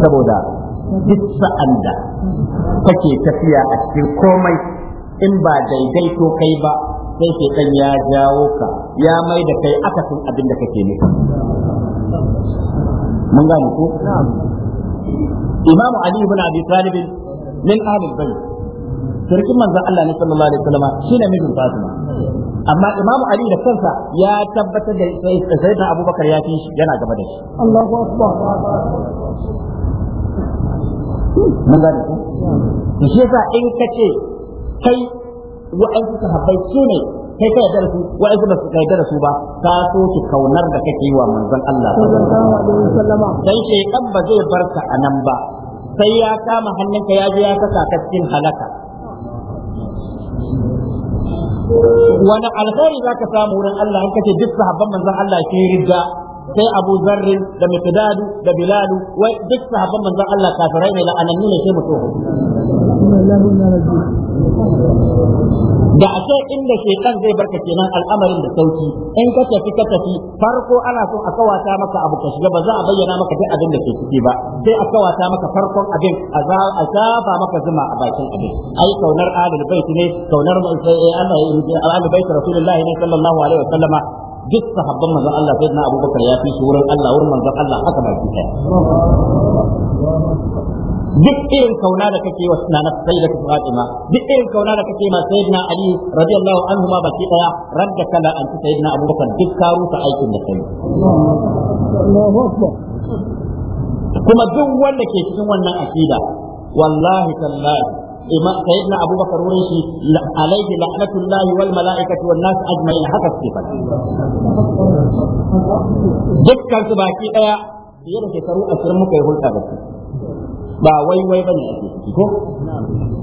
saboda duk sa'an da kake tafiya a cikin komai in ba daidaito kai ba sai ke kan ya jawo ka ya mai da kai akasin abin da kake nufi mun gane ko imamu ali ibn abi talib min ahli bayt sarkin manzon Allah ne sallallahu alaihi wasallam shine mijin fatima amma imamu ali da kansa ya tabbatar da ta abubakar ya fi shi yana gaba da shi Allahu akbar mun ga ne shi yasa in kace kai ka habbai su ne kai ka da su wa'ansu ba su ka yarda su ba ka so ki kaunar da kake yi wa manzon Allah sallallahu alaihi wasallama dan shaytan ba zai barka anan ba sai ya kama hannunka ya je ya saka cikin halaka wani alkhairi ka samu wurin Allah in ce duk sahabban manzon Allah ke riga sai Abu Zarr da Miqdadu da Bilal wai duk sahabban manzon Allah kafirai ne la'anannu ne sai mutum da a ce inda shekan zai barka kenan al'amarin da sauki in ka tafi ka tafi farko ana son a kawata maka abu ka shiga ba za a bayyana maka duk abin da ke ciki ba sai a kawata maka farkon abin a za a safa maka zuma a bakin abin ai kaunar ahlul bait ne kaunar yi eh, eh, ahlul bait rasulullahi ne sallallahu alaihi wasallama duk sahabban manzon Allah sai na Abubakar ya fi shi wurin Allah wurin manzon Allah haka baki ɗaya duk irin kauna da kake wa nana sayyidatu fatima duk irin kauna da kake ma sayyidina ali radiyallahu anhu ma baki daya radda kala anti sayyidina abubakar duk ka rusa aikin da kai kuma duk wanda ke cikin wannan akida wallahi tallahi imam sayyidina abubakar wurin shi alaihi la'natullah wal mala'ikati wan nas ajma'in haka suke fada dukkan su baki daya fiye da shekaru 20 muka yi hulɗa da su ba wai wai bane ake ciki ko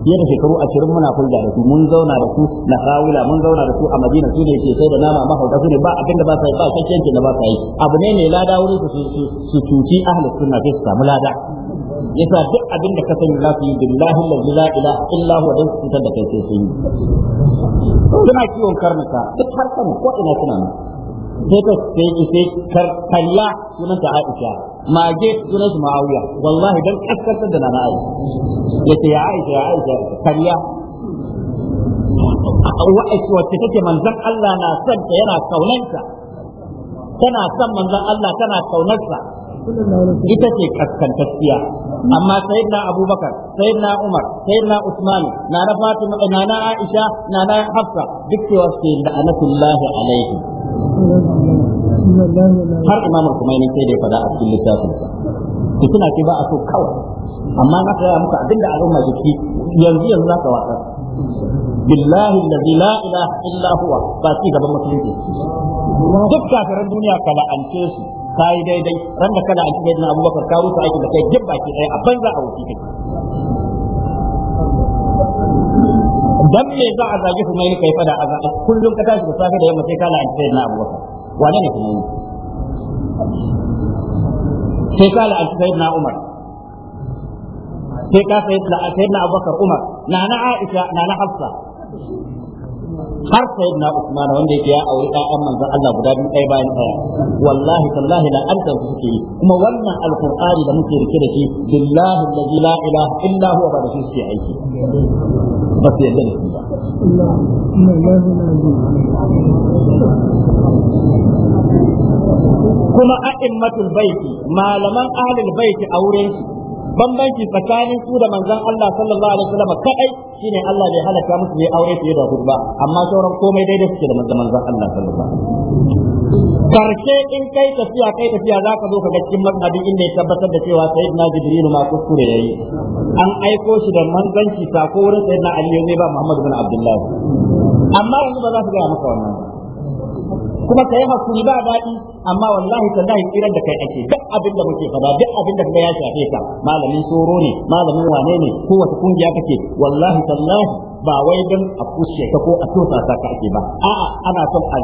fiye da shekaru ashirin muna kulga da su mun zauna da su na kawula mun zauna da su a madina su ne ke sai da nama mahauta su ne ba abin da ba sai ba kakkenci da ba yi, abu ne mai lada wurin su su cuci ahlus sunna sai su samu lada yasa duk abin da ka sani za su yi billahi allazi la ilaha illa huwa dan su da kai sai sun yi suna kiwon karnuka duk har ko ina suna nan sai ka sai sai kalla sunanta Aisha mage sunan su ma'awiya wallahi dan kaskantar da nana aisha yace ya aisha ya aisha kariya wa'aiki wacce take manzan Allah na son ta yana kaunanta tana son manzan Allah tana kaunarsa ita ce kaskantacciya amma sayyidina abubakar sayyidina umar sayyidina usman na na fatima na na aisha na na hafsa duk cewa su da anatullahi alaihi har imamul kumaini sai da ya fada a cikin littafin sa to suna ce ba a so kawai amma na tsaya muku abinda al'umma ke ci yanzu yanzu zaka wasa billahi allazi la ilaha illa huwa ba ci gaban musulunci duk kafiran duniya kala an ce su kai daidai ran da kana aiki da Abubakar ka rusa aiki da kai jibba ki dai a banza a wuce kai dan me za a su Humaini kai fada a kullum ka tashi da safe da yamma sai kana aiki da Abubakar wane ne kuma yi sai ka la'anci na Umar sai ka na Abubakar Umar na na Aisha na na Hafsa har sayyidina Usman wanda yake ya aure ɗayan manzon Allah guda biyu ɗaya bayan ɗaya wallahi tallahi la anta suke yi kuma wannan alqur'ani da muke rike da shi billahi allazi la ilaha illa huwa ba da shi suke aiki ba su yadda da shi ba kuma a'immatul baiti malaman ahlul baiti auren shi bambanci tsakanin su da manzon Allah sallallahu alaihi wasallam kadai shine Allah ne halaka musu yayi aure fiye da hudu ba amma sauran komai daidai suke da manzon Allah sallallahu alaihi wasallam karshe in kai tafiya kai tafiya zaka zo ka ga cikin mazhabin inda ya tabbatar da cewa sayyidina jibril ma kuskure yayi an aiko shi da manzanci sako wurin sayyidina ali ne ba Muhammad bin Abdullah amma yanzu ba za su gaya maka wannan kuma kai hakuri ba daɗi amma wallahi tallahi tsirar da kai ake duk abin da muke faɗa duk abin da ya shafe ka malamin tsoro ne malamin wane ne kowace kungiya kake wallahi tallahi ba wai don a kushe ka ko a tosa ka ake ba a'a ana son a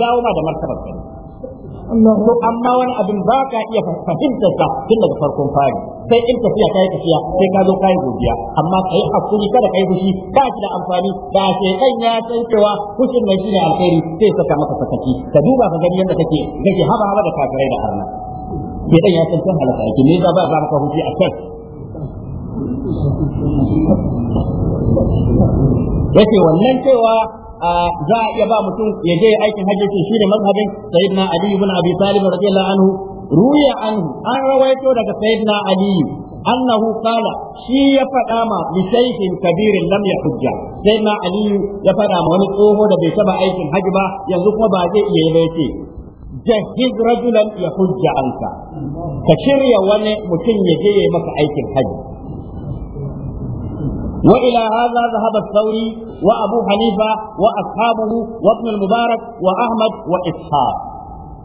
dawo ma da martabar ka amma wani abin ba ka iya fahimtar ka, tun daga farkon fari sai in tafiya kai tafiya sai ka zo kai godiya amma kai hakuri kada kai fushi ba shi da amfani da sai kan ya san cewa fushin mai shine alheri sai saka maka sakaki ka duba ka gani yadda kake kake haba haba da kafirai da arna sai dan ya san san halaka yake me za ba za maka fushi a kan yake wannan cewa za a iya ba mutum ya je aikin hajji shi ne mazhabin sayyidina ali ibn abi talib radiyallahu anhu ruya anhu an rawaito daga sayyidina Aliyu, annahu Sala, shi ya faɗa ma Kabirin nan ya hujja. yahujja sayyidina Aliyu ya faɗa ma wani tsoho da bai taɓa aikin hajji ba yanzu kuma ba zai iya yi ba yace jahiz ya hujja anka ka shirya wani mutum ya je maka aikin hajji. sauri haji وإلى هذا ذهب الثوري wa حنيفة وأصحابه wa Ahmad, wa وإسحاق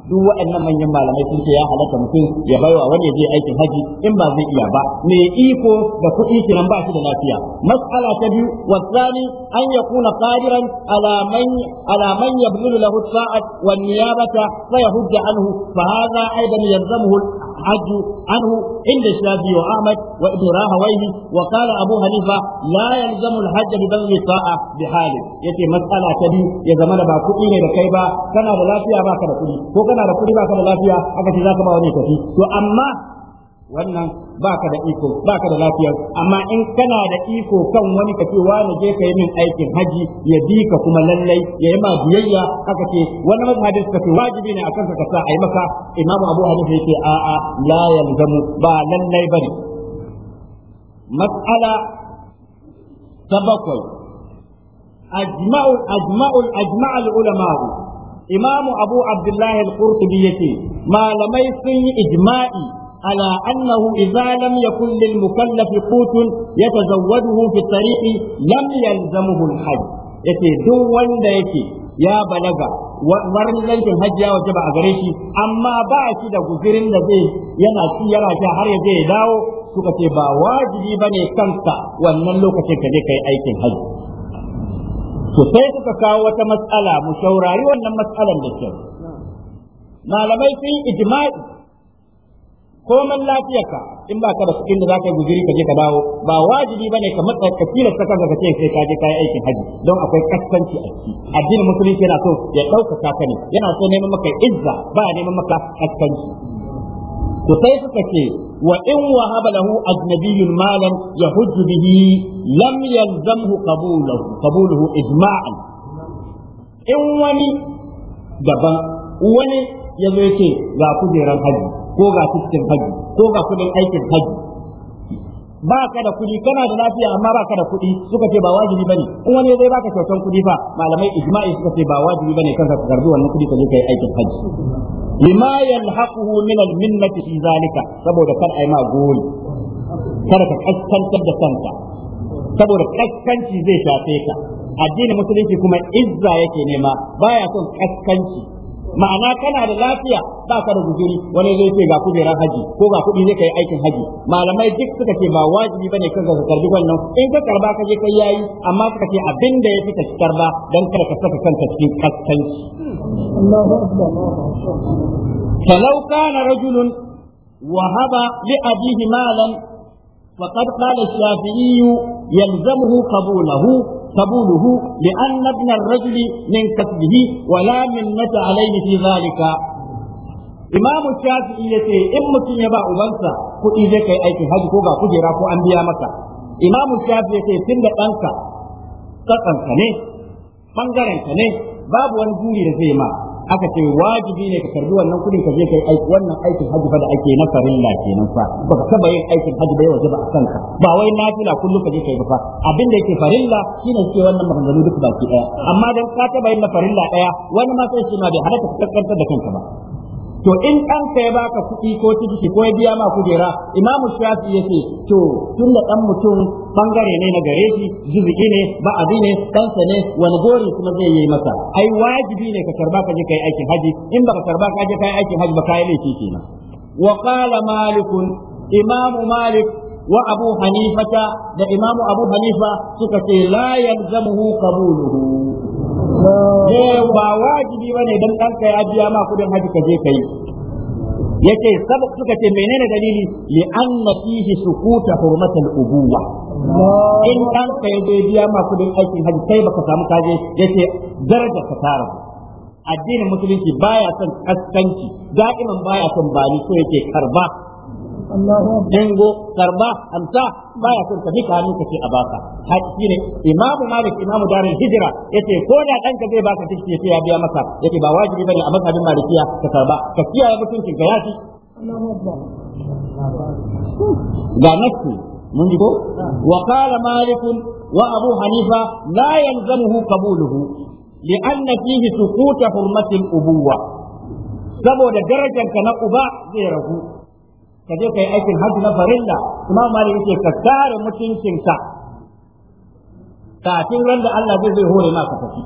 duk waɗannan manyan malamai sun ce ya halatta mutum ya baiwa wani ya je aikin haji in ba zai iya ba me iko da kuɗi kiran ba shi da lafiya mas'ala ta biyu wasani an kuna qadiran ala man ala man yabdulu lahu sa'at wan niyabata fa yahudda anhu fa hadha aidan yalzamuhu عج عنه عند الشافعي وأحمد وابن راهويه وقال أبو حنيفة لا يلزم الحج ببذل الطاعة بحال يتي مسألة تبي يا زمان با كودي ne da kai ba kana da lafiya baka da kudi ko kana da kudi baka da lafiya aka ce zaka ba wani kafi to amma wannan baka da iko baka da lafiya amma in kana da iko kan wani ka ce wani je ka yi min aikin haji ya bi ka kuma lallai ya yi ma biyayya aka ce wani mazhabin suka ce wajibi ne akan ka sa ayi maka imamu abu hanifa yake a a la yalzamu ba lallai bane mas'ala ta bakwai ajma'u ajma'u ajma'u ulama'u imamu abu abdullahi al-qurtubi yake malamai sun yi ijma'i على أنه إذا لم يكن للمكلف قوت يتزوده في الطريق لم يلزمه الحج yace duk wanda yake ya balaga warzancin hajji ya wajaba a gare shi amma ba shi da guzirin da zai yana ci yana sha har ya zai dawo suka ce ba wajibi ba ne kanka wannan lokacin ka je kai aikin hajji to sai suka kawo wata matsala mu shaurari wannan matsalan da kyau malamai sun ijma'i koman lafiyarka in ba ka da cikin da za ka guziri ka je ka dawo ba wajibi ba ne ka matsa ka ka kanka ka ce sai ka je ka yi aikin haji don akwai kaskanci a ciki addinin musulunci yana so ya ɗaukaka ka ne yana so neman maka izza ba neman maka kaskanci to sai suka ce wa in wahaba lahu ajnabiyyun malan yahujj bihi lam yalzamhu qabuluhu qabuluhu ijma'an in wani daban wani yazo yake ga kujeran haji ko ga fiskin haji ko ga kudin aikin haji ba ka da kudi kana da lafiya amma ba ka da kudi suka ce ba wajibi bane in wani zai baka kyautan kudi fa malamai ijma'i suka ce ba wajibi bane kanka ka karbi wannan kudi ka je kai aikin haji lima yalhaquhu min al-minnati fi zalika saboda kar ai ma goli kar ka kaskantar da kanka saboda kaskanci zai shafe ka addinin musulunci kuma izza yake nema baya son kaskanci ma'ana kana da lafiya ba ka da guzuri wani zai ce ga kujerar haji ko ga kuɗi ne kai aikin haji malamai duk suka ce ba wajibi bane kan ka karbi wannan in ka karba ka je kai yayi amma suka ce abin da ya fi ka karba dan kada ka saka kanka cikin kaskanci Allahu akbar فلو كان رجل وهب لأبيه مالا فقد قال الشافعي يلزمه قبوله قبوله لأن ابن الرجل من كسبه ولا منة عليه في ذلك إمام الشافعي يتي إما كن تنبع أبنسا كو إذا كي أيك حج كوغا كجرا كو أنبياء مكا إمام الشافعي يتي تند أنسا تقنك نه بانجرنك نه باب وانجوري رسيما aka ce wajibi ne ka karbi wannan kudin ka je kai aiki wannan aikin haji fa da ake na farilla kenan fa ba ka taba yin aikin haji ba yau ba a kanka ba wai na fila kullum ka je kai fa abin da yake farilla shine ke wannan maganganu duk baki daya amma dan ka taba yin na farilla daya wani ma sai shi ma bai halatta ka kankantar da kanka ba to in ɗanka ya baka kuɗi ko tiki ko ya biya ma kujera imamu shafi ya to tun da ɗan mutum bangare ne na gare shi juzuki ne ba abi ne ɗansa ne wani gori kuma zai yi masa ai wajibi ne ka karba ka je kai aikin haji in baka karba ka je kai aikin haji ba kai laifi kenan wa qala malik imamu malik wa abu hanifa da imamu abu hanifa suka ce la yanzamu qabuluhu ne eh, ba wajibi bane dan ɗanka ya biya ma kudin haji ka je yace sabab suka ce menene dalili li anna fihi sukuta hurmatul ubuwa in ɗanka ya je biya ma kudin aikin haji kai baka samu kaje yace daraja ka tara addinin musulunci baya son kaskanci da'iman baya son bani so yake karba dingo karba amsa baya son ka bika hannu kace a baka haƙi ne imamu malik imamu darin hijira yace ko da danka zai baka tishi yace ya biya maka yace ba wajibi bane a masa mazhabin malikiya ka karba ka kiyaye mutuncin ka yafi ga nafsi mun ji ko wa qala malik wa abu hanifa la yanzamuhu qabuluhu لأن فيه سقوط حرمة الأبوة saboda darajarka na uba zai ragu ka je ka yi aikin hajji na farilla imam malik yake ka kare mutuncinka kafin ran da Allah zai zai hore ma ka tafi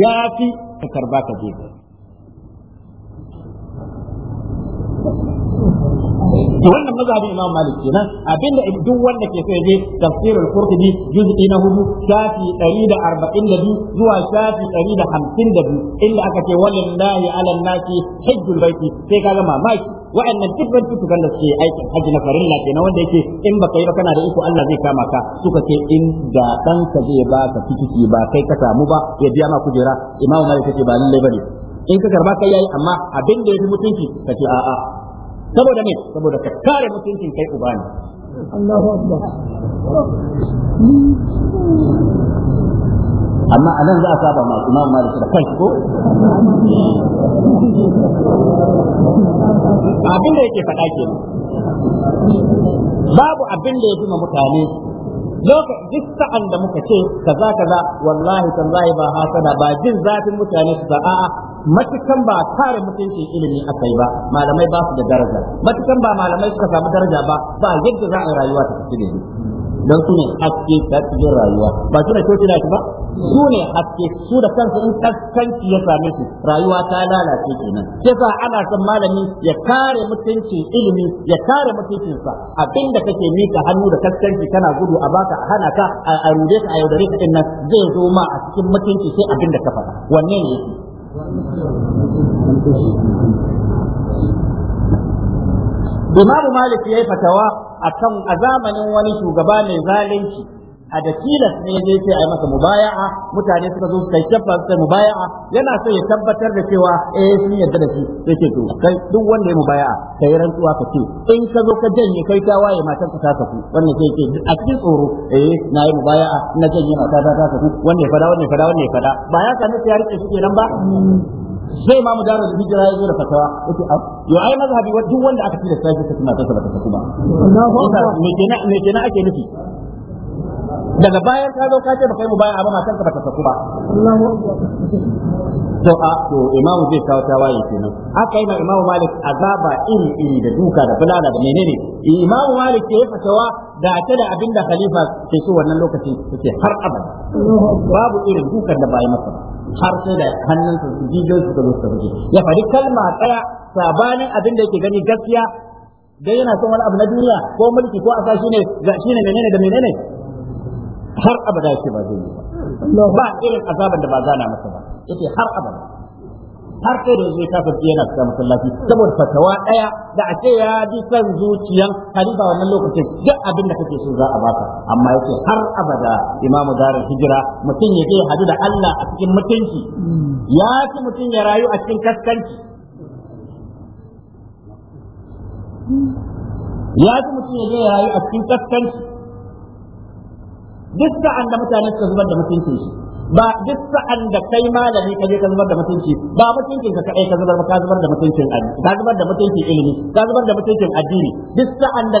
ya fi ka karba ka je to wannan mazhabin imam malik kenan abinda duk wanda ke so ya je tafsirul qurtubi juz'i na hudu shafi 142 zuwa shafi 152 inda aka ce walillahi ala nasi hajjul baiti sai kaga mamaki wa'annan duk ban tutukan da suke aikin haji na farilla na wanda yake in baka yi ba kana da iko Allah zai kama ka suka ce in da dan ka zai ba ka tikiti ba kai ka samu ba ya biya ma kujera imamu malik ce ba lalle bane in ka karba kai yayi amma abin da yafi mutunci kace a'a saboda me saboda ka kare mutuncin kai uba ne Allahu akbar amma a nan za a saba masu ma malik da kai ko abin da yake faɗa ke babu abin da ya fi mutane lokacin duk sa'an da muka ce kaza kaza wallahi kan tallahi ba hasada ba jin zafin mutane su a'a matukan ba kare mutuncin ilimi kai ba malamai ba su da daraja matukan ba malamai suka samu daraja ba ba yadda za a rayuwa ta tafi da don su ne haske ta cikin rayuwa ba su da kyauci shi ba su ne haske su da kansu in kaskanci ya same su rayuwa ta lalace kenan sai sa ana son malami ya kare mutuncin ilimi ya kare mutuncinsa abinda kake mika hannu da kaskanci kana gudu a baka a hana ka a rude ka a yaudare ka din nan zai zo ma a cikin mutunci sai abinda ka faɗa wanne ne Imam Malik yayi fatawa akan a zamanin wani shugaba mai zalunci a da tilas ne ya ce a yi masa mubaya'a mutane suka zo su kai tabba su kai mubaya'a yana so ya tabbatar da cewa eh sun yarda da shi sai ce to kai duk wanda ya mubaya'a kai rantsuwa ka ce in ka zo ka janye kai ta waye matan ka ta wannan sai ce a cikin tsoro eh na yi mubaya'a na janye matan ta ta wanda ya fada wanda ya fada wanda ya fada ba ya sami ya rike shi kenan ba Zai ma mu da hijira ya zo da fatawa yace a ah, yo ai mazhabi duk wanda aka tilasta shi ka tana ta ba ta kuma me kenan me kenan ake nufi daga bayan ka zo ka ce baka yi mubaya'a ba matanka bata saku ba to a to imamu zai kawo tawaye kenan aka yi ma imamu malik azaba iri iri da duka da bulala da menene imamu malik ke fatawa da ta da abinda khalifa ke so wannan lokacin yake har abada babu irin dukan da bai masa har sai da hannunsa su jijiyar su zo su ya faɗi kalma tsaya sabanin abin da yake gani gaskiya dai yana son wani abu na duniya ko mulki ko asa shine shine menene da menene har abada yake ba zai yi ba ba irin azaban da ba zana masa ba yake har abada har sai da zai kafa yana cikin masallaci saboda fatawa daya da a ce ya ji san zuciyan halifa wannan lokacin duk abin da kake so za a baka amma yake har abada imamu Garin hijira mutum ya je hadu da Allah a cikin mutunci hmm. ya ci mutum ya rayu a cikin kaskanci hmm. ya ci mutum ya je ya rayu a cikin kaskanci duk sa'an da mutane suka zubar da mutuncin shi ba duk sa'an da kai malami ka je ka zubar da mutunci ba mutuncin ka kai ka zubar ba ka zubar da mutuncin addini ka zubar da mutuncin ilimi ka zubar da mutuncin addini duk sa'an da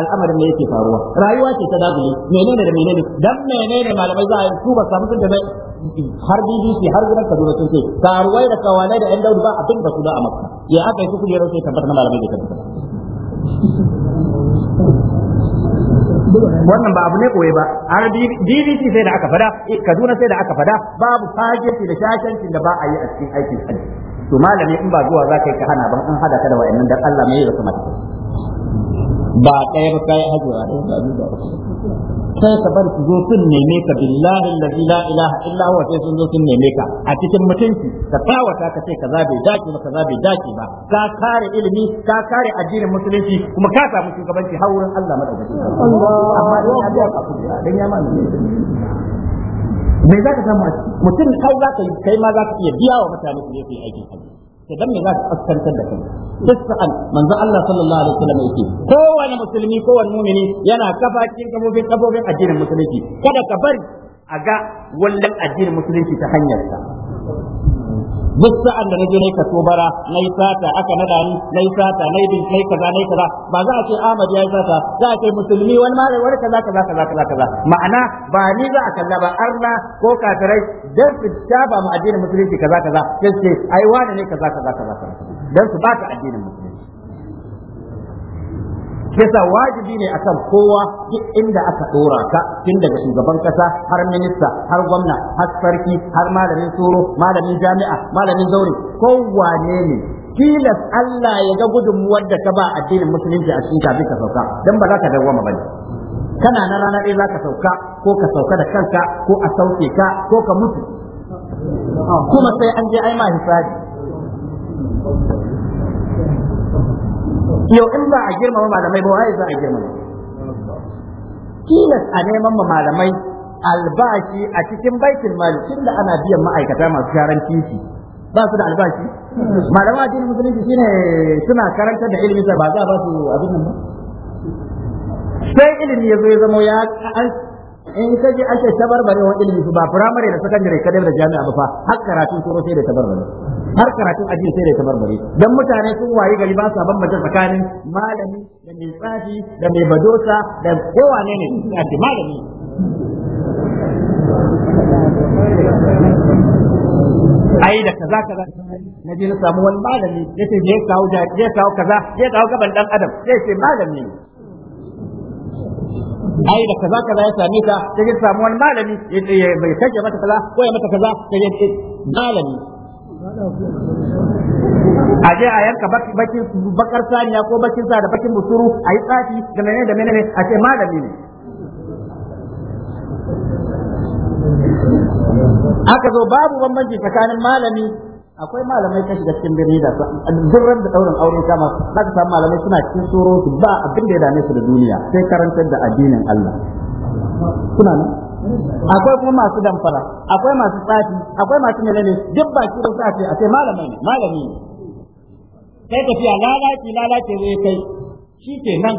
al'amarin ne yake faruwa rayuwa ce ta dagule menene da menene dan menene malamai za a su ba samu tun da har BBC har gidan Kaduna sun ce karuwai da kawanai da ƴan daudu ba abin da su da a Makka ya aka yi su kujerar sai tabbatar malamai da tabbata wannan ba abu ne koyi ba har DVD sai da aka fada eh, Kaduna sai da aka fada babu fagenci da shashancin da ba a yi a cikin aikin hajji to malami in ba zuwa za ka ka hana ba in hada ka da wa'annan dan Allah mai yi mata ba ɗaya ba kai haji ba ɗaya ba da sai ka bar su zo sun neme ka billahi allazi la ilaha illa huwa sai sun zo sun neme ka a cikin mutunci ka tawata ka ce ka za bai dace ba ka za bai dace ba ka kare ilimi ka kare addinin musulunci kuma ka samu shugabanci har wurin Allah madaukakin amma dan ya biya ka kudi dan ya ma me za ka samu mutum kai za ka kai ma za ka iya biya wa mutane su yi aikin to dan me za ka askantar da kai sa'an manzo Allah sallallahu alaihi wasallam yake kowane musulmi kowane mu'mini yana kafa cikin kafofin kafofin addinin musulunci kada ka bari a ga wannan addinin musulunci ta hanyarsa duk sa'an da naje nayi kaso bara nayi sata aka nada ni nayi sata nayi bin kai kaza nayi kaza ba za a ce Ahmad yayi sata za a ce musulmi wani ma wani kaza kaza kaza kaza kaza ma'ana ba ni za a kalla ba arna ko kafirai dan su ba mu addinin musulunci kaza kaza sai ce ai wani ne kaza kaza kaza dan su ba ka addinin musulunci yasa wajibi ne akan kowa duk inda aka dora ka tun daga shugaban kasa har minista har gwamna har sarki har malamin tsoro malamin jami'a malamin zaure kowane ne tilas Allah ya ga gudunmuwar da ka ba addinin musulunci a cikin kafin ka sauka dan ba za ka dawwama bane kana na rana ɗaya za ka sauka ko ka sauka da kanka ko a sauke ka ko ka mutu kuma sai an je ai ma hisabi yau in ba a girmama malamai ba waye za a girmama tilas a neman malamai albashi a cikin baitul mali tunda ana biyan ma'aikata masu sharan titi ba su da albashi Malamai a addinin musulunci shine suna karantar da ilimi ba za a ba su abin nan ba sai ilimi ya zo ya zama ya in ka je ake tabarbare wa ilimi su ba firamare da sakandare kadai da jami'a ba fa har karatun tsoro sai da tabarbare har karatun ajin sai da tabarbare dan mutane sun waye gari ba sa bambanta tsakanin malami da mai tsafi da mai badosa da kowa ne ne suna ce malami ai da kaza kaza na je na samu wani malami yace je kawo je kawo kaza je kawo gaban dan adam sai ce malami ne ai da kaza kaza ya same ta sai ya samu wani malami bai kaje mata kaza ko ya mata kaza ta ya malami a je a yanka bakin bakar saniya ko bakin sa da bakin busuru a yi tsafi da mene da mene a ce malami ne aka zo babu bambanci tsakanin malami akwai malamai ta shiga cikin birni da zurrar da ɗaurin aure kama za ka samu malamai suna cikin su ba abin da ya dame su da duniya sai karantar da addinin Allah suna nan akwai kuma masu damfara akwai masu tsafi akwai masu melene duk baki da sa ce a sai malamai ne malami ne kai tafiya lalaci lalace zai kai shi ke nan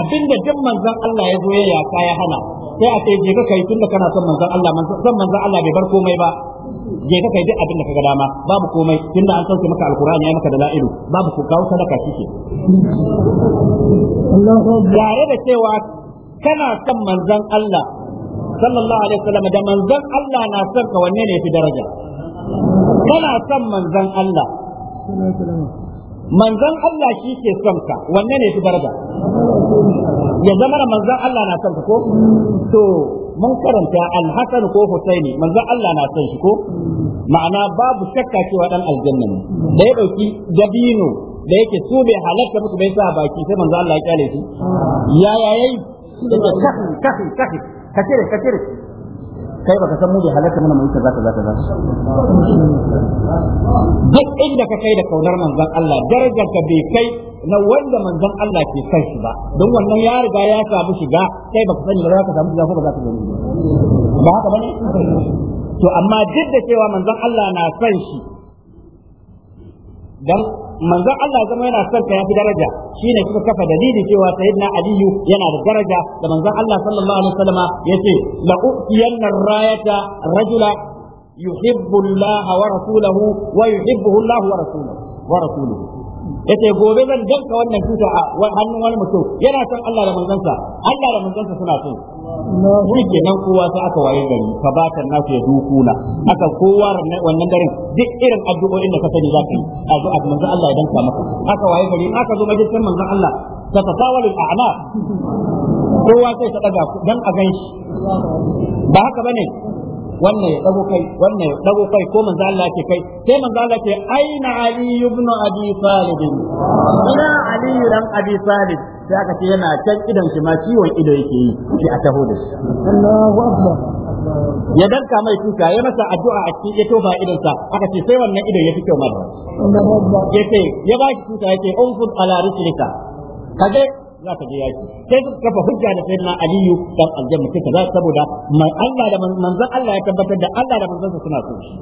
abin da duk manzon Allah ya zo ya yaka ya hana sai a ce je ka kai tunda kana son manzon Allah manzon Allah bai bar komai ba je ka kai duk abin da kaga dama babu komai tunda an sauke maka alkur'ani ya maka da la'ilu babu ku kawo sadaka kike yare da cewa kana son manzon Allah sallallahu alaihi wasallam da manzon Allah na son ka wanne ne fi daraja kana son manzon Allah manzon Allah shi ke son ka wanne ne fi daraja ya zama manzon Allah na son ka ko to mun karanta al-hasan ko husaini manzo Allah na san shi ko ma'ana babu shakka cewa dan aljanna ne da ya dauki dabino da yake su bai halatta musu bai sa baki sai manzo Allah ya kyale shi ya yayi kafi kafi kafi kace kai baka san mu bai halatta mana mu kaza kaza kaza duk inda ka kai da kaunar manzon Allah darajar ka bai kai na wanda manzon Allah ke kai shi ba don wannan ya riga ya samu shiga kai baka sani ba za ka samu shiga ko ba za ka gani ba haka bane to amma duk da cewa manzon Allah na san shi dan manzon Allah zama yana son ka yafi daraja shine suka kafa dalili cewa sayyidina aliyu yana da daraja da manzon Allah sallallahu alaihi wasallam yace la uqiyanna rayata rajula yuhibbu Allah wa rasuluhu wa yuhibbuhu Allah wa rasuluhu wa rasuluhu yace gobe zan danka wannan tuta a hannun wani mutum yana son Allah da manzansa Allah da manzansa suna so. shi nan kowa sai aka waye gari fa ta nasu ya dukuna aka kowa wannan daren duk irin addu'o'in da ka sani za ka yi a zo a manzo Allah ya danka maka aka waye gari aka zo majalisar manzo Allah ta tatawalu a'ana. kowa sai ta daga dan a ganshi ba haka bane wannan ya dago kai wannan ya dago kai ko manzo Allah ke kai sai manzo Allah ke aina ali ibn abi talib ina ali dan abi talib sai aka ce yana can idan shi ma ciwon ido yake yi sai a taho da shi Allahu akbar ya danka mai tuka ya masa addu'a a cikin ya tofa sa aka ce sai wannan idan ya fi kyau mata yace ya ba shi tuka yace unfud ala rislika kaje za ka je yaki sai suka kafa hujja da sayyidina aliyu dan aljanna sai kaza saboda Allah da manzon Allah ya tabbatar da Allah da manzon suna so shi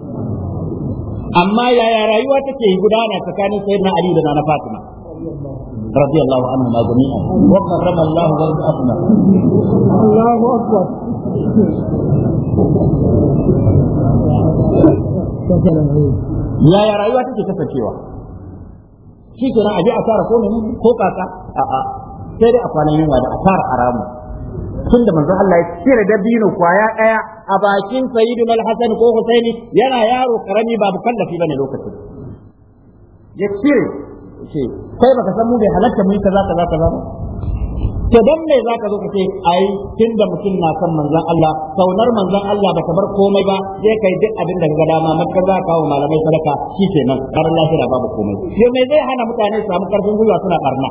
amma yaya rayuwa take gudana tsakanin sayyidina aliyu da nana fatima رضي الله عنهما جميعا وكرم الله ورزقهما الله اكبر yaya rayuwa take kasancewa shi ke nan aje a tara ko ko kaka a'a sai dai a kwanan yunwa da a fara haramu tun da manzon Allah ya cire dabino kwaya daya a bakin sayyidina al-hasan ko husaini yana yaro karami babu kallafi bane lokacin ya cire ce kai baka san mu bai halatta mu yi kaza kaza ba to dan me zaka zo ka ce ai tunda mutum na san manzon Allah kaunar manzon Allah baka bar komai ba sai kai duk abin da ga dama matkar za kawo malamai sadaka shi kenan karin lafiya babu komai sai me zai hana mutane su samu karfin gwiwa suna karna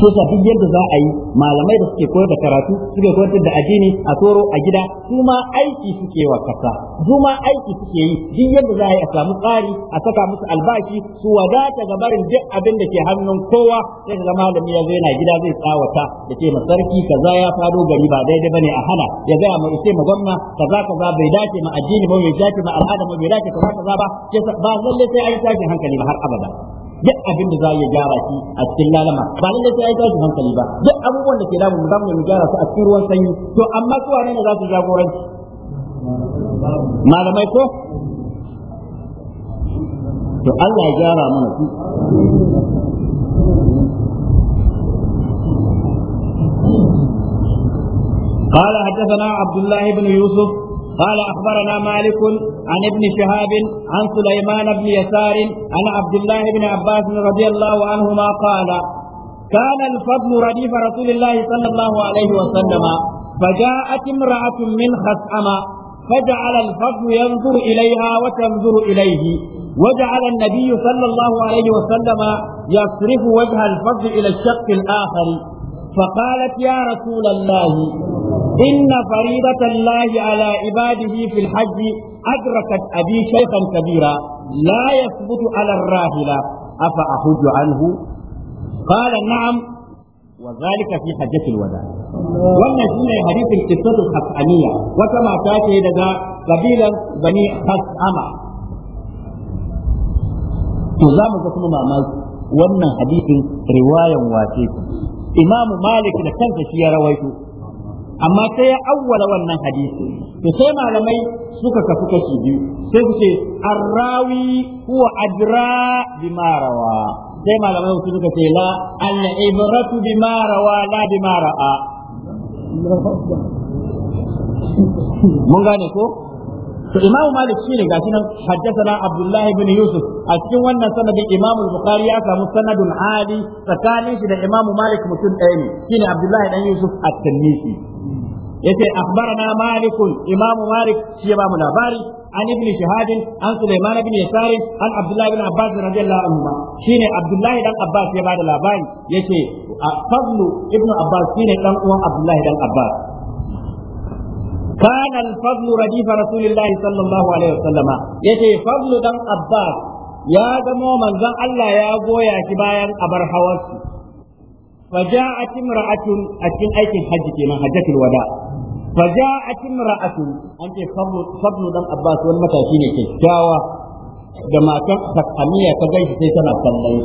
shi yasa duk yadda za a yi malamai da suke koyar da karatu suke koyar da addini a toro a gida su ma aiki suke wa kasa su ma aiki suke yi duk yadda za a yi a samu tsari a saka musu albashi su wadata ga barin duk abin da ke hannun kowa sai ka ga malami ya zo yana gida zai tsawata da ce sarki kaza ya faro gari ba daidai bane a hana ya gaya mu ce ma gwamna kaza kaza bai dace ma addini ba bai dace ma al'ada ba bai dace kaza kaza ba ba lalle sai an tashi hankali ba har abada duk abin da za ya gyara shi a cikin lalama ba lallai sai ya tashi hankali ba duk abubuwan da ke damu mu zamu mu gyara su a cikin ruwan sanyi to amma su wane ne za su jagoranci malamai ko to Allah ya gyara mana su قال حدثنا عبد الله بن يوسف قال أخبرنا مالك عن ابن شهاب عن سليمان بن يسار عن عبد الله بن عباس رضي الله عنهما قال كان الفضل رديف رسول الله صلى الله عليه وسلم فجاءت امرأة من خثعمة فجعل الفضل ينظر إليها وتنظر إليه وجعل النبي صلى الله عليه وسلم يصرف وجه الفضل إلى الشق الآخر فقالت يا رسول الله إن فريضة الله على عباده في الحج أدركت أبي شيخا كبيرا لا يثبت على الراحلة أفأحج عنه قال نعم وذلك في حجة الوداع wannan shi ne hadisin kisatul hasaniya wata mata ce daga kabilan bani hasama to za mu ga kuma mamaki wannan hadisin riwayan wace ce malik da kansa shi ya rawaito amma sai ya awwala wannan hadisi to sai malamai suka kafu kashi biyu sai su ce arrawi huwa adra bima rawa sai malamai su suka ce la al ibratu bima rawa la bima ra'a mun gane ko to imam malik shine gashi nan haddathana abdullah ibn yusuf a cikin wannan sanadin imam bukhari ya samu sanadun ali tsakanin shi da imam malik mutum ɗaya ne shine dan yusuf at-tanisi yace akhbarana malik imam malik shi ya bamu labari an ibn shahad an sulaiman ibn yasar an abdullah ibn abbas radiyallahu anhu shine abdullah dan abbas ya bada labari yace fadlu ibn abbas shine dan uwan abdullah dan abbas كان الفضل رديف رسول الله صلى الله عليه وسلم يتي فضل دم عباس يا دمو من زن الله يا بويا كبايا أبر فجاءت امرأة أتين أيك الحج كما حجة الوداع فجاءت امرأة أنت فضل دم أباس والمتاشين كتاوى da matan sakamiya ta gaishe sai tana kallon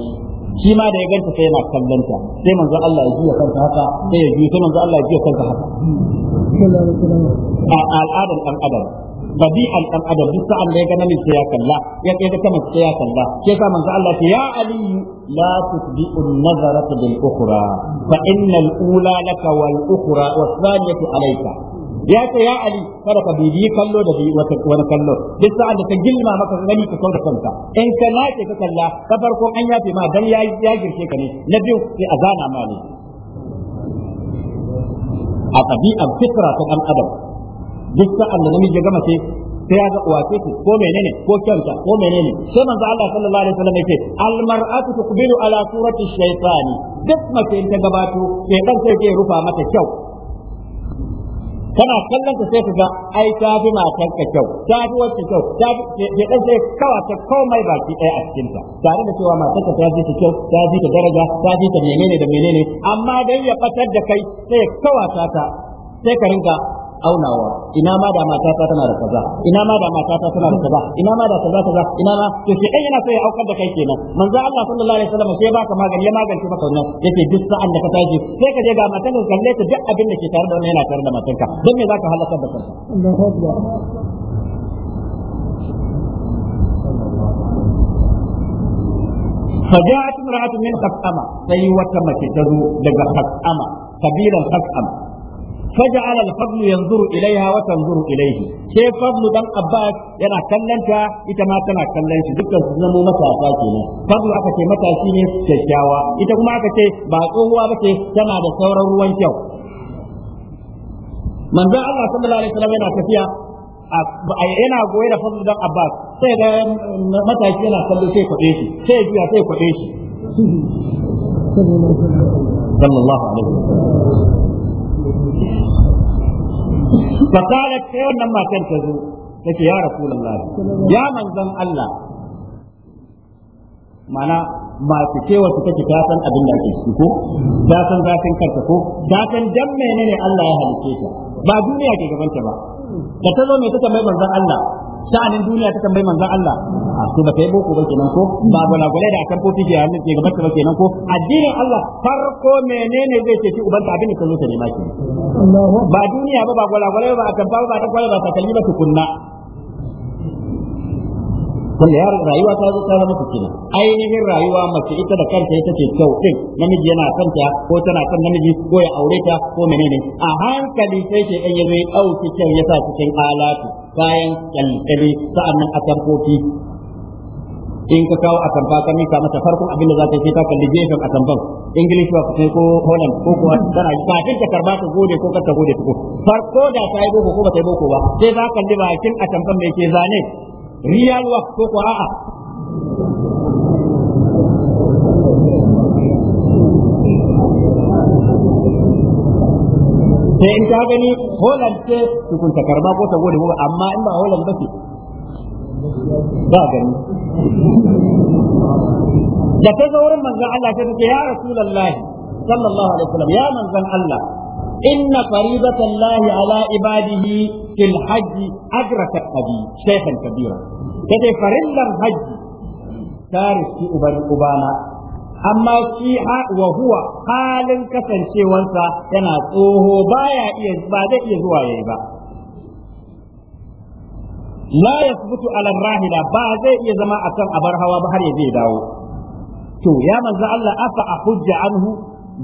shi ma da ya sai yana kallon sai manzo Allah ya juya haka sai ya juya sai manzo Allah ya juya haka a al'adar dan adam tabi'an dan adam duk sa'an da ya ga namiji sai ya kalla ya kai ga mace sai ya kalla sai sa manzo Allah ya ce ya ali kada ka bibi kallo da wani kallo duk sa'an da ka gilma maka gani ka kauda kanka in ka nace ka kalla ta farko an yafe ma dan ya ya girke ka ne na biyu sai a zana ma ne a tabi'ar fitra ta dan adam duk sa'an da namiji ya gama sai sai ya ga wace ce ko menene ko kyanta ko menene sai manzo Allah sallallahu alaihi wasallam yake al mar'atu tuqbilu ala surati shaytani duk mace ta gabato sai dan sai ke rufa mata kyau kana kallon ta sai ka ga ai ta fi matar ka kyau ta fi wacce kyau ta fi dan sai kawa ta komai baki ɗaya a cikin ta tare da cewa matar ka ta ji ta kyau ta ji ta daraja ta ji ta menene da menene amma dan ya fatar da kai sai kawa ta ta sai ka rinka aunawa ina ma da matata tana da kaza ina ma da matata tana da kaza ina ma da kaza kaza ina ma to shi dan yana so ya aukar da kai kenan manzo Allah sallallahu alaihi wasallam sai baka magani ya magance maka wannan yace duk sa'an da ka tashi sai ka je ga matan ka kalle ta duk abin da ke tare da wannan yana tare da matan ka dan me zaka halaka da kanka Allahu akbar فجاءت امرأة من خثأمة سي وتمت تزو لغا خثأمة قبيلة خثأمة فجعل الفضل ينظر إليها وتنظر إليه شيء فضل دم أباك ينا كلنتا إتما تنا كلنتا دكا سنمو متى ساكينا فضل أكتي متى سيني تشاوى إتما أكتي باقوه أبتي تنا دا سورا روان شو من ذا الله صلى الله عليه وسلم ينا كفيا yana goye da fadlu dan abbas sai ga matashi yana kallo sai kwaɗe shi sai juya sai kwaɗe shi sallallahu alaihi fa qalat sai wannan matan ta zo tace ya rasulullah ya manzon Allah mana masu cewa su take ta san abin da ake ciki ko ta san zafin karta ko ta san dan menene Allah ya halice ta ba duniya ke gabanta ba da ta zo me ta tambayi manzon Allah Sa'anin duniya ta tambayi manzon Allah a su ba kai boko ba kenan ko ba gwalagwalai da akan kofi ke hannun ke gaban ba kenan ko addinin Allah farko menene zai ce shi uban ta abin ka zo ta nema ki ba duniya ba ba gwalagwalai ba akan ba ba ta gwalai ba kalli ba tukunna wanda ya rayuwa ta zo ta zama fitina ainihin rayuwa mace ita da kanta ita ce kyau din namiji yana kanta, ta ko tana kan namiji ko ya aure ta ko menene a hankali sai ke ɗan yazo ya dauki kyau ya sa cikin alatu kayan kyalkyali sa'annan a tamfofi in ka kawo a tamfa ka nisa mata farkon abin da za ta yi ta kalli gefen a kamfan. Ingilishi ba sai ko holland ko ko tana bakin ka karba ka gode ko ka gode ko farko da ta yi boko ko ba ta yi boko ba sai za ka kalli bakin a kamfan me ke zane real work ko ko a'a sai in ta gani holland ce tukunta karba ko ta gode ko amma in ba holland ba ce ba gani da ta zo wurin manzon Allah ta ce ya rasulallahi sallallahu alaihi wasallam ya manzon Allah inna faridatan lahi ala ibadihi fil hajji adraka abi shaykhan kabira kace farillan hajji tarihi uban ubana amma shi wa huwa halin kasancewansa yana tsoho baya iya ba zai iya zuwa yayi ba la yasbutu ala rahila ba zai iya zama a akan abar hawa ba har ya zai dawo to ya manzo Allah afa ahujja anhu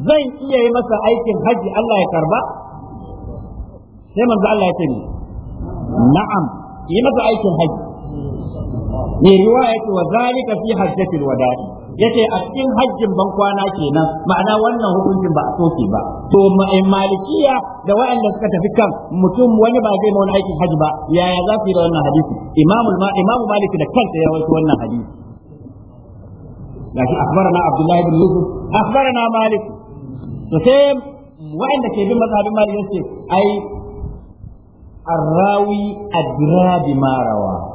zai iya yi masa aikin haji Allah ya karba sai manzo Allah ya ce na'am yi masa aikin haji ne riwaya ce wa zalika fi hajjatil wada'i yace a cikin hajjin ban kwana kenan ma'ana wannan hukuncin ba a soke ba to eh, malikiya da waɗanda suka tafi kan mutum wani ba zai wani aikin hajji ba yaya za su yi da wannan hadisi imamu imamu maliki da kanta ya wato wannan hadisi gashi akhbarana abdullahi bin yusuf akhbarana malik to sai waɗanda ke bin mazhabin malik yace ai arrawi أدرى بما رواه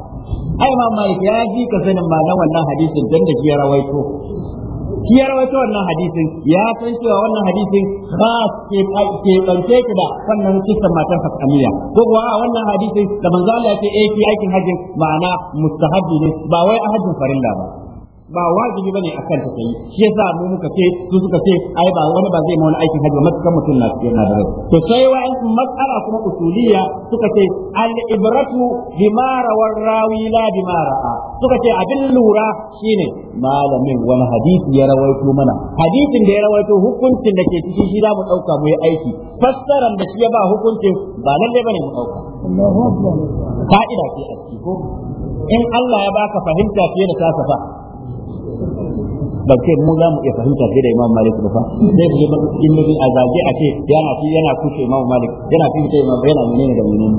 ai ma malik ya ji ka sanin ma wannan hadisin dan da ya rawaito shi rawaito wannan hadisin ya san cewa wannan hadisin khas ke ke ki da wannan kisan matar fasamiya ko a wannan hadisin da manzo Allah ya ce eh ki aikin hajjin ma'ana mustahabbi ne ba wai a ahadin farilla ba ba wajibi bane akan ta yi shi yasa mu muka ce su suka ce ai ba wani ba zai ma wani aikin hajji matukan mutum na cikin na dare to sai wa wa'in mas'ala kuma usuliya suka ce al ibratu bima rawar rawi la bima suka ce abin lura shine malamin wani hadisi ya rawaito mana hadisin da ya rawaito hukuncin da ke ciki shi da mu dauka mu yi aiki fassaran da shi ya ba hukuncin ba lalle bane mu dauka Allahu ka'ida ce a ciki ko in Allah ya baka fahimta fiye da tasafa bakke mu za mu iya fahimta fiye da imam malik ba fa sai ku ba in nabi a zage a ce yana fi yana kushe imam malik yana fi ta imam yana menene da menene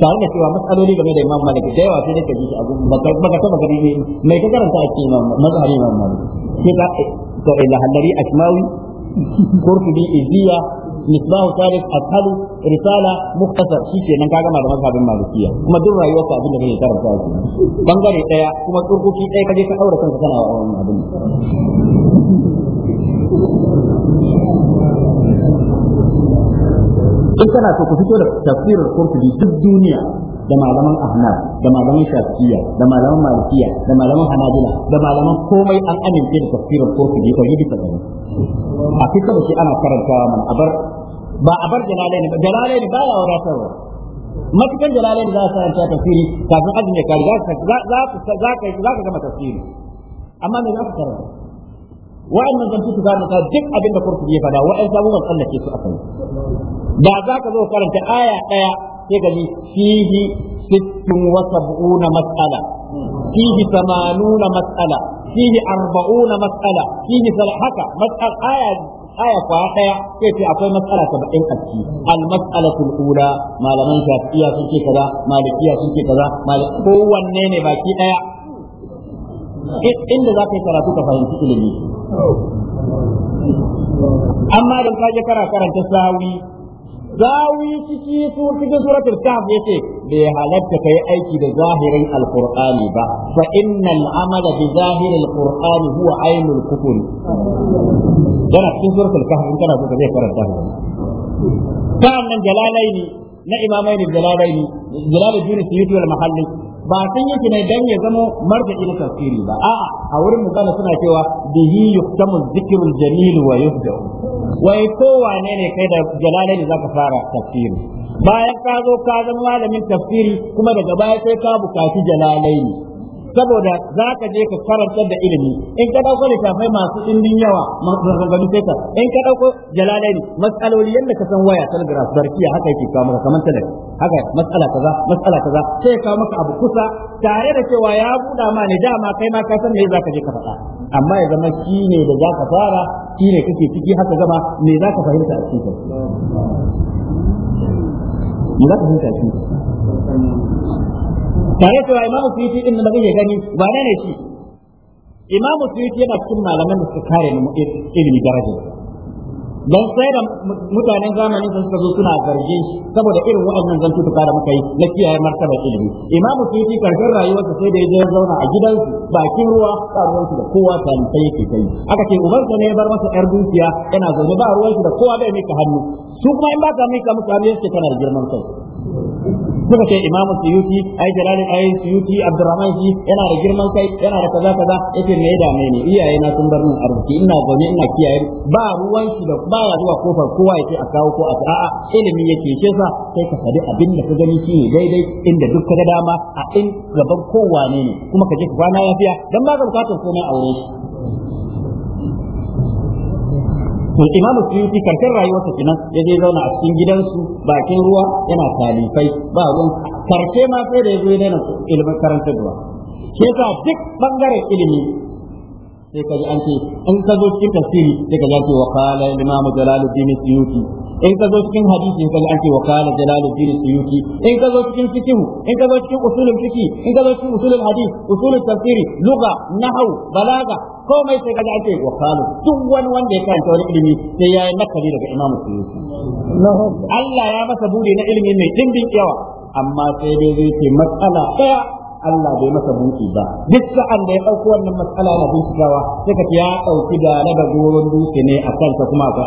tare da cewa masaloli game da imam malik da yawa sai da kaji a gun ba ka taba gani ne mai ka karanta a cikin imam mazhabi imam malik sai ka to ila halari asmawi qurtubi iziya misbahu tariq ashabu risala mukhtasar nan ka gama da mazhabin malikiya kuma duk rayuwar ka abin da kake karanta shi bangare daya kuma turkuki daya kaje ka daura kanka kana wannan abin in kana so ku fito da tafsirin Qurtubi duk duniya da malaman ahnaf da malaman shafi'iyya da malaman malikiya da malaman hanabila da malaman komai an amince da tafsirin Qurtubi ko yi bisa gaba a fita da shi ana karantawa mana a bar ba a bar ne ba jalalaini baya wadatarwa matukan ne za su karanta tafsiri kafin azumi ka riga za ka za ka za ka gama tafsiri amma me za su karanta wa'annan zantu su zamu ka duk abin da kurkuku ya fada wa'an sabuwar Allah ke su akai da za ka zo karanta aya daya sai ka ji fihi sittun wa sab'una mas'ala فيه ثمانون مسألة فيه أربعون مسألة فيه حكا مسألة آية آية فاحية كيف أقول مسألة سبعين أبكي المسألة الأولى ما لمن شافية سنكي كذا مالكية سنكي كذا مالك هو النين باكي آية inda za ka yi karatu ka fahimci ilimi amma da ka je kara karanta sawi zawi ciki su cikin suratul kahf yace bai halatta kai aiki da zahirin alqur'ani ba fa innal amala bi zahiril qur'ani huwa ainul kufur dana cikin suratul kahf in kana so ka zai karanta shi sa'an nan jalalaini na imamaini jalalaini jalaluddin suyuti wal mahalli ba sun yi ne dan ya zama marja'i na tafsiri ba a'a a wurin mutane suna cewa bihi yuktamu zikrul jamil wa yubda wai ko wane ne kai da jalalai za zaka fara tafsiri bayan ka zo ka zama malamin tafsiri kuma daga baya sai ka bukaci ne. saboda za ka je ka karantar da ilimi in ka dauko littafai masu indin yawa maganganu sai ka in ka dauko jalalaini matsaloli yadda ka san waya telegraph barkiya haka yake kawo maka kamar talaka haka matsala kaza matsala kaza sai ya kawo maka abu kusa tare da cewa ya buɗa ma ne dama kai ma ka san me za ka je ka faɗa amma ya zama shi ne da za ka fara shi ne kake ciki haka zama, me za ka fahimta a cikin me za ka fahimta a cikin tare cewa imamu suyuti din da kake gani ba ne shi imamu suyuti yana cikin malaman da suka kare mu ilimi daraja don sai da mutanen zamanin sun suka zo suna zargin saboda irin waɗannan zantutuka da muka yi na kiyaye martabar ilimi imamu suyuti karshen rayuwarsa sai da ya je zauna a gidansu bakin ruwa ba ruwansu da kowa ta yake kai aka ce ubansa ne ya bar masa yar dukiya yana zaune ba ruwansu da kowa bai mika hannu su kuma in ba ka mika musu hannu yake kana da girman kai suka ce imamu suyuti ai jalali ai suyuti abdurrahman shi yana da girman kai yana da kaza kaza yace me ya dame ni iyaye na sun bar min arziki ina zaune ina kiyaye ba ruwan shi da ba ya zuwa kofar kowa yace a kawo ko a a'a ilimi yake ce sa sai ka faɗi abin da ka gani shi daidai inda duk kaga dama a in gaban kowa ne kuma ka je ka kwana lafiya dan ba ka bukatar komai aure to imamu suyuti karshen rayuwarsa kenan ya je zauna a cikin gidansu bakin ruwa yana talifai ba ruwan karshe ma sai da ya zo yana ilimin karanta ruwa. Ke sa duk bangaren ilimi sai ka ji an ce in ka zo cikin tasiri, sai ka ji an ce wa qala imamu jalaluddin suyuti in ka zo cikin hadisi in ka ji ake wakala jalaluddin suyuti in ka zo cikin fikihu in ka zo cikin usulul fiqi in ka zo cikin usulul hadisi, usulul tafsiri lugha nahwu balaga komai sai ka ji ake wakala duk wani wanda ya karanta wani ilimi sai yayi nakali daga imam suyuti Allah ya masa buri na ilimi mai dimbin yawa amma sai dai zai ce matsala daya Allah bai masa buɗi ba duk sa'an da ya ɗauko wannan matsala na bincikawa sai ka ya ɗauki da na da dutse ne a kansa kuma a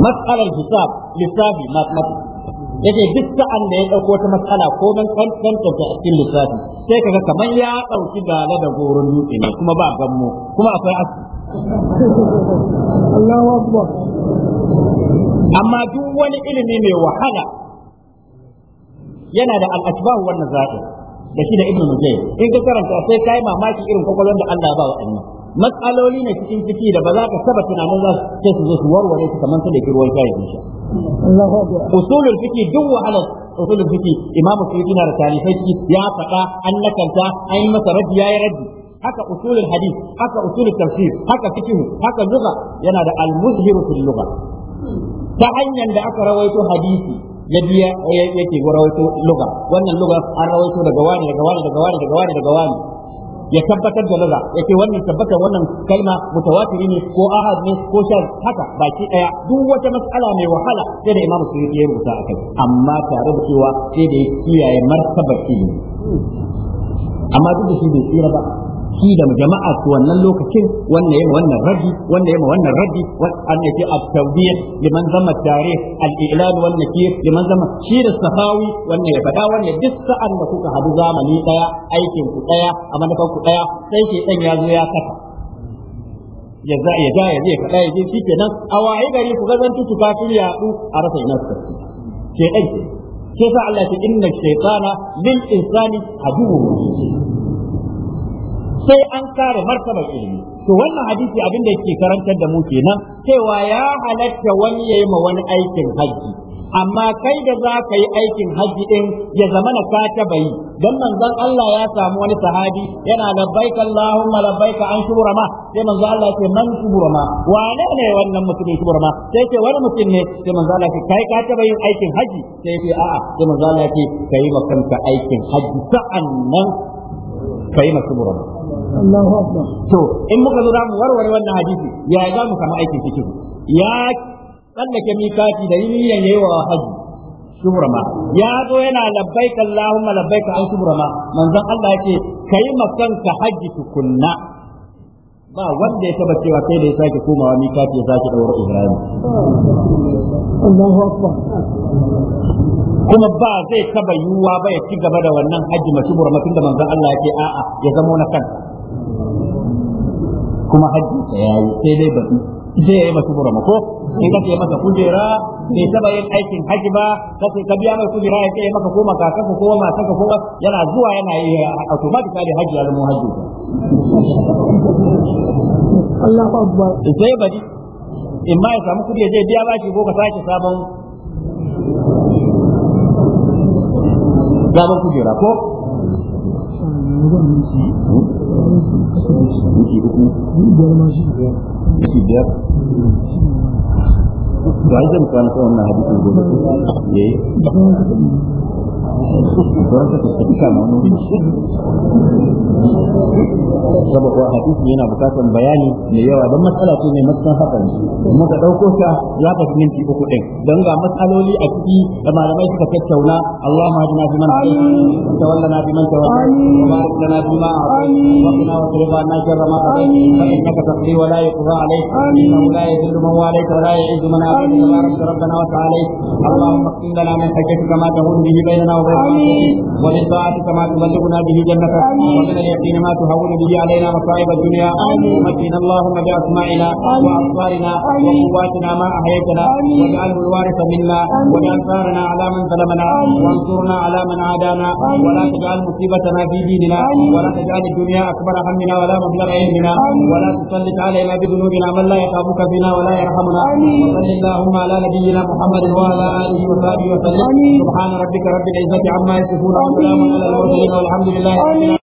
matsalar hisab lissafi mathematics yace duk sa'an da ya dauko wata matsala ko nan kantanta a cikin lissafi sai kaga kamar ya dauki gala da goron dutse ne kuma ba gammo kuma akwai asu Allahu akbar amma duk wani ilimi mai wahala yana da al wannan wan nazair da shi da ibnu mujayyid in ka karanta sai kai mamaki irin kokolon da Allah ba wa annabi matsaloli ne cikin ciki da ba za ka taba tunanin za su ce su zo su warware su kamar su da ki ruwan shayi insha usulul fiqi duk wahalar usulul fiqi imamu suyuti na da tarifai ya faɗa an nakanta an yi masa raddi yayi raddi haka usulul hadith haka usulul tafsir haka fiqh haka lugha yana da al-muzhir fil lugha ta hanyar da aka rawaito hadisi ya biya yake rawaito lugha wannan lugha an rawaito daga wani daga wani daga wani daga wani daga wani daga wani ya tabbatar da laza ya ce wannan tabbatar wannan kalma mutawatiri ne ko ahad ne ko shar haka baki daya duk wata mas'ala mai wahala sai da imamu ya rubuta akai amma tare da cewa sai da ya kiyaye martabar amma duk da shi bai tsira ba shi da jama'a su wannan lokacin wannan yema wannan raddi wannan yema wannan raddi an yake at-tawbiyah liman zama tare al-i'lan wal nakir liman zama shi da safawi wannan ya fada wannan duk sa'an da kuka hadu zamani daya aikin ku daya a manufar ku daya sai ke dan ya zo ya kasa ya za ya ga ya je kada ya je shikenan a waye gari ku ga zan tutu kafin ya a rasa ina su ke dai ke sa Allah ya inna shaytana lil insani aduwwun sai an kare martabar ilimi to wannan hadisi abin da yake karantar da mu kenan cewa ya halatta wani yayi ma wani aikin haji amma kai da za ka yi aikin haji din ya zama na ka taba yi dan manzon Allah ya samu wani sahabi yana labbaik Allahumma labbaik an shubura ma sai manzon Allah ce man shubura ma wane ne wannan mutumin shubura ma sai ce wani mutum ne sai manzon Allah ya kai ka taba yin aikin haji sai ce a'a sai manzon Allah ya ce kai ma kanka aikin haji sa'annan kai ma shubura ma Allahu akbar to in muka zo zamu warware wannan hadisi ya za mu kama aikin cikin ya tsallake mikati da yin yayi wa haji shubrama ya zo yana labbaik Allahumma labbaik an shubrama manzon Allah yake kai makanka haji tukunna ba wanda ya taba cewa kai da ya sake komawa mikati ya sake daura Ibrahim Allahu akbar kuma ba zai taba yiwuwa ba ya ci gaba da wannan hajji mashi burma tunda manzon Allah yake a'a ya zama na kanka kuma Hajji sa yayi sai dai baki je ya yi masa burama ko in ka ce masa kujera bai taba yin aikin haji ba ka ce ka biya mai kujera ya ce maka ko makaka ko mata ka ko yana zuwa yana yi automatically haji ya zama haji Allahu akbar sai baki in ma ya samu kudi ya biya bashi ko ka sake sabon sabon kujera ko miki uku miki biyar to ai zan kwana wannan gobe don ka hadisi yana bukatar bayani mai yawa don matsala ce mai matsan hakan ka ɗauko ta za ka fi minti uku ɗin don ga matsaloli a ciki da malamai suka tattauna Allah ma fi man fi man fi na ma man rabbana ومن طاعتك ما تبلغنا به جنتك ومن اليقين ما تهون به علينا مصائب الدنيا ومتنا اللهم بأسماعنا وأبصارنا وقواتنا ما أحييتنا واجعله الوارث منا واجعل ثارنا على من ظلمنا وانصرنا على من عادانا ولا تجعل مصيبتنا في ديننا ولا تجعل الدنيا أكبر همنا ولا مبلغ علمنا ولا تسلط علينا بذنوبنا من لا يخافك فينا ولا يرحمنا وصل اللهم على نبينا محمد وعلى آله وصحبه وسلم سبحان ربك رب العزة عما يصفون الحمد على المرسلين والحمد لله